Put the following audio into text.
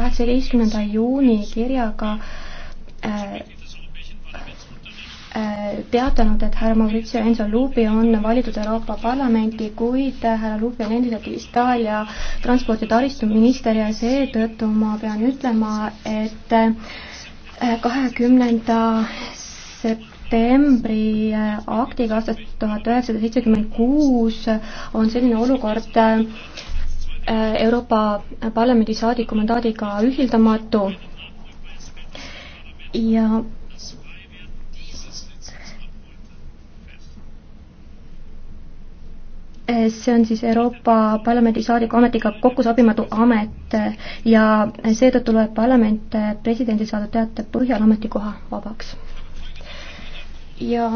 kaheksateistkümnenda juuni kirjaga äh, äh, teatanud, et härra Maurizio Enzo Lupi on valitud Euroopa Parlamenti, kuid härra Lupi on endiselt Itaalia transpordi taristuminister ja seetõttu ma pean ütlema, et äh, kahekümnenda septembri äh, aktiga aastast tuhat üheksasada seitsekümmend kuus on selline olukord äh, Äh, Euroopa Parlamendi saadiku mandaadiga ühildamatu ja see on siis Euroopa Parlamendi saadiku ametiga kokkusobimatu amet ja seetõttu loeb parlament presidendi saadud teate põhjal ametikoha vabaks. ja